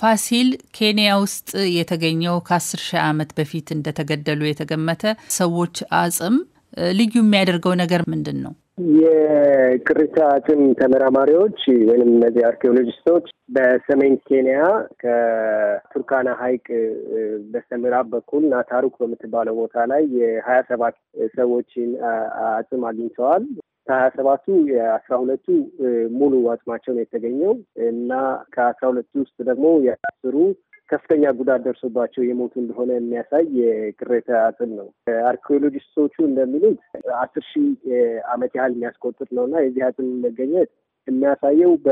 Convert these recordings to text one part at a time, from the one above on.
ፋሲል ኬንያ ውስጥ የተገኘው ከ10 ሺህ ዓመት በፊት እንደተገደሉ የተገመተ ሰዎች አጽም ልዩ የሚያደርገው ነገር ምንድን ነው? የቅሪተ አጽም ተመራማሪዎች ወይም እነዚህ አርኪኦሎጂስቶች በሰሜን ኬንያ ከቱርካና ሐይቅ በስተምዕራብ በኩል ናታሩክ በምትባለው ቦታ ላይ የሀያ ሰባት ሰዎችን አጽም አግኝተዋል። ከሀያ ሰባቱ የአስራ ሁለቱ ሙሉ አቅማቸው ነው የተገኘው እና ከአስራ ሁለቱ ውስጥ ደግሞ የአስሩ ከፍተኛ ጉዳት ደርሶባቸው የሞቱ እንደሆነ የሚያሳይ የቅሬታ አጥን ነው። አርኪኦሎጂስቶቹ እንደሚሉት አስር ሺህ ዓመት ያህል የሚያስቆጥር ነው እና የዚህ አጥር መገኘት የሚያሳየው በ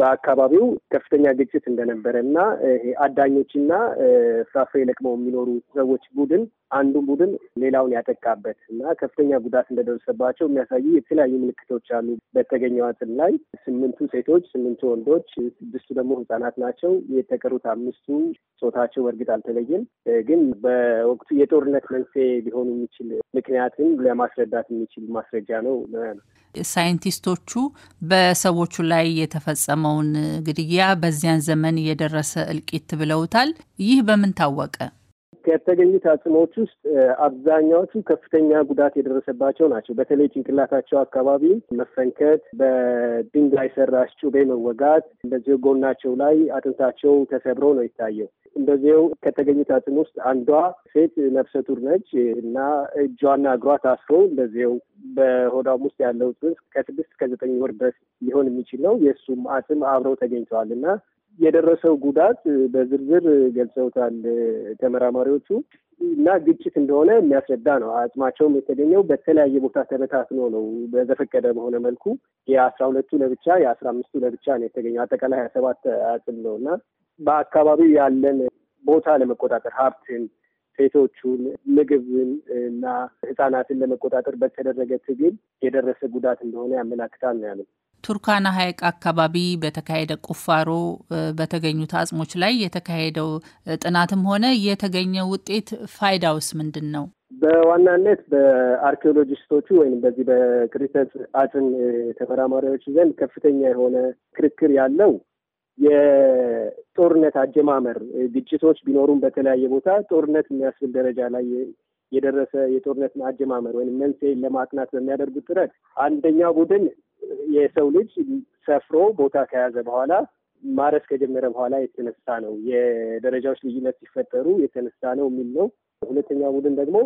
በአካባቢው ከፍተኛ ግጭት እንደነበረ እና አዳኞችና ፍራፍሬ ለቅመው የሚኖሩ ሰዎች ቡድን አንዱን ቡድን ሌላውን ያጠቃበት እና ከፍተኛ ጉዳት እንደደረሰባቸው የሚያሳዩ የተለያዩ ምልክቶች አሉ። በተገኘው አጥን ላይ ስምንቱ ሴቶች፣ ስምንቱ ወንዶች፣ ስድስቱ ደግሞ ህጻናት ናቸው። የተቀሩት አምስቱ ጾታቸው በእርግጥ አልተለየም። ግን በወቅቱ የጦርነት መንስኤ ሊሆኑ የሚችል ምክንያትን ለማስረዳት የሚችል ማስረጃ ነው። ሳይንቲስቶቹ በሰዎቹ ላይ የተፈጸመ የተፈጸመውን ግድያ በዚያን ዘመን የደረሰ እልቂት ብለውታል። ይህ በምን ታወቀ? ከተገኙ ታጽሞዎች ውስጥ አብዛኛዎቹ ከፍተኛ ጉዳት የደረሰባቸው ናቸው። በተለይ ጭንቅላታቸው አካባቢ መፈንከት፣ በድንጋይ ሰራሽ ጩቤ መወጋት፣ እንደዚሁ ጎናቸው ላይ አጥንታቸው ተሰብሮ ነው ይታየው። እንደዚሁ ከተገኙት አጽም ውስጥ አንዷ ሴት ነፍሰ ጡር ነች እና እጇና እግሯ ታስሮ እንደዚሁ በሆዷም ውስጥ ያለው ጽንስ ከስድስት ከዘጠኝ ወር ድረስ ሊሆን የሚችል ነው። የእሱም አጽም አብረው ተገኝተዋል እና የደረሰው ጉዳት በዝርዝር ገልጸውታል ተመራማሪዎቹ እና ግጭት እንደሆነ የሚያስረዳ ነው። አጽማቸውም የተገኘው በተለያየ ቦታ ተበታትኖ ነው። በዘፈቀደ በሆነ መልኩ የአስራ ሁለቱ ለብቻ የአስራ አምስቱ ለብቻ ነው የተገኘው። አጠቃላይ ሀያ ሰባት አጽም ነው እና በአካባቢው ያለን ቦታ ለመቆጣጠር ሀብትን ሴቶቹን፣ ምግብን እና ህጻናትን ለመቆጣጠር በተደረገ ትግል የደረሰ ጉዳት እንደሆነ ያመላክታል ነው ያሉት። ቱርካና ሐይቅ አካባቢ በተካሄደ ቁፋሮ በተገኙት አጽሞች ላይ የተካሄደው ጥናትም ሆነ የተገኘ ውጤት ፋይዳውስ ምንድን ነው? በዋናነት በአርኪኦሎጂስቶቹ ወይም በዚህ በቅሪተ አጽም ተመራማሪዎች ዘንድ ከፍተኛ የሆነ ክርክር ያለው የጦርነት አጀማመር ግጭቶች ቢኖሩም በተለያየ ቦታ ጦርነት የሚያስብል ደረጃ ላይ የደረሰ የጦርነት አጀማመር ወይም መንስኤ ለማጥናት በሚያደርጉት ጥረት አንደኛው ቡድን የሰው ልጅ ሰፍሮ ቦታ ከያዘ በኋላ ማረስ ከጀመረ በኋላ የተነሳ ነው፣ የደረጃዎች ልዩነት ሲፈጠሩ የተነሳ ነው የሚል ነው። ሁለተኛው ቡድን ደግሞ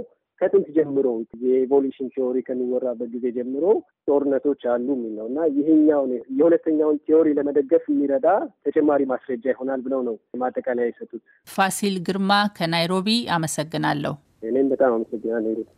ከጥንት ጀምሮ የኢቮሉሽን ቲዎሪ ከሚወራበት ጊዜ ጀምሮ ጦርነቶች አሉ የሚል ነው እና ይህኛውን የሁለተኛውን ቲዎሪ ለመደገፍ የሚረዳ ተጨማሪ ማስረጃ ይሆናል ብለው ነው ማጠቃለያ የሰጡት። ፋሲል ግርማ ከናይሮቢ አመሰግናለሁ። እኔም በጣም አመሰግናለሁ።